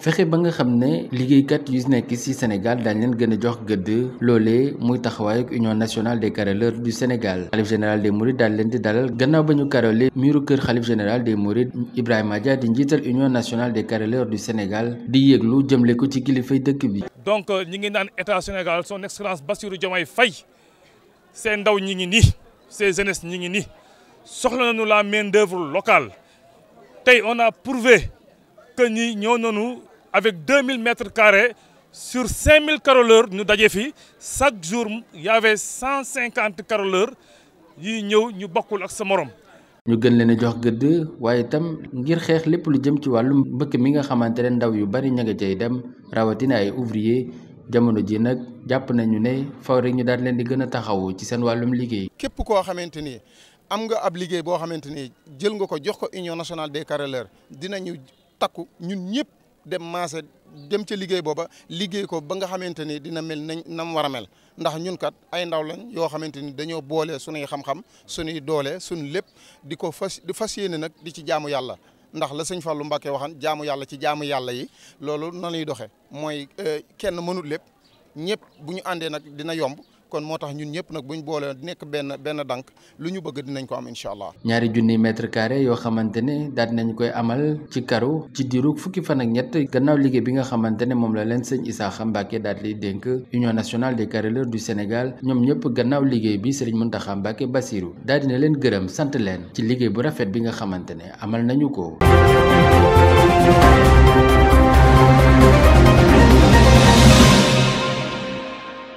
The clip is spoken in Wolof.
fexe ba nga xam ne liggéeykat yu nekk ci Sénégal daañ leen gën a jox gëdd loolee muy taxawaay Union nationale des carreleurs du Sénégal xalif général des Mourides daal leen di dalal gannaaw ba ñu carrelé miiru kër xalif général des Mourides Ibrahima Dia di njiital Union nationale des carreleurs du Sénégal di yéeglu jëmle ko ci kilifay dëkk bi. donc euh, ñi ngi naan état Sénégal son excellence Bassirou Diomaye Faye seen ndaw ñi ngi nii seen jeunesse ñi ngi nii soxla nañu la main d'œuvre locale tey on a avec 2000 mètres carrés sur 5000 caroleurs ñu daje fi chaque jour y avait 150 caroleurs yuy ñëw ñu bokkul ak sa morom. ñu gën leen jox gëdd waaye itam ngir xeex lépp lu jëm ci wàllum mbëkk mi nga xamante ne ndaw yu bari ña nga cay dem rawatina ay ouvrier jamono ji nag jàpp nañu ne faw rek ñu daal leen di gën a taxawu ci seen wàllum liggéey. képp koo xamante ni am nga ab liggéey boo xamante ni jël nga ko jox ko union nationale des carreleurs dinañu takku ñun ñëpp. dem maase dem ca liggéey booba liggéey ko ba nga xamante ni dina mel nañ na mu war a ndax ñun kat ay ndaw lañ yoo xamante ni dañoo boole sunuy xam-xam sunuy doole sunu lépp di ko fas di fas yéene nag di ci jaamu yàlla. ndax la sëñ Fallou mbake waxan jaamu yàlla ci jaamu yàlla yi loolu na lay doxee mooy euh, kenn mënut lépp ñëpp bu ñu àndee nag dina yomb. kon moo tax ñun ñëpp nag buñ boole nekk benn benn dànk lu ñu bëgg dinañ ko am incha allah. ñaari junniy mètre carré yoo xamante ne daal nañ koy amal ci karu ci diiru fukki fan ak ñett gannaaw liggéey bi nga xamante ne moom la leen sëñ Isaaxa Mbacke daal di dénk Union nationale des carreleurs du Sénégal ñoom ñëpp gannaaw liggéey bi sëriñ Mountakha Mbacke Bassirou daal dina leen gërëm sant leen ci liggéey bu rafet bi nga xamante ne amal nañu ko.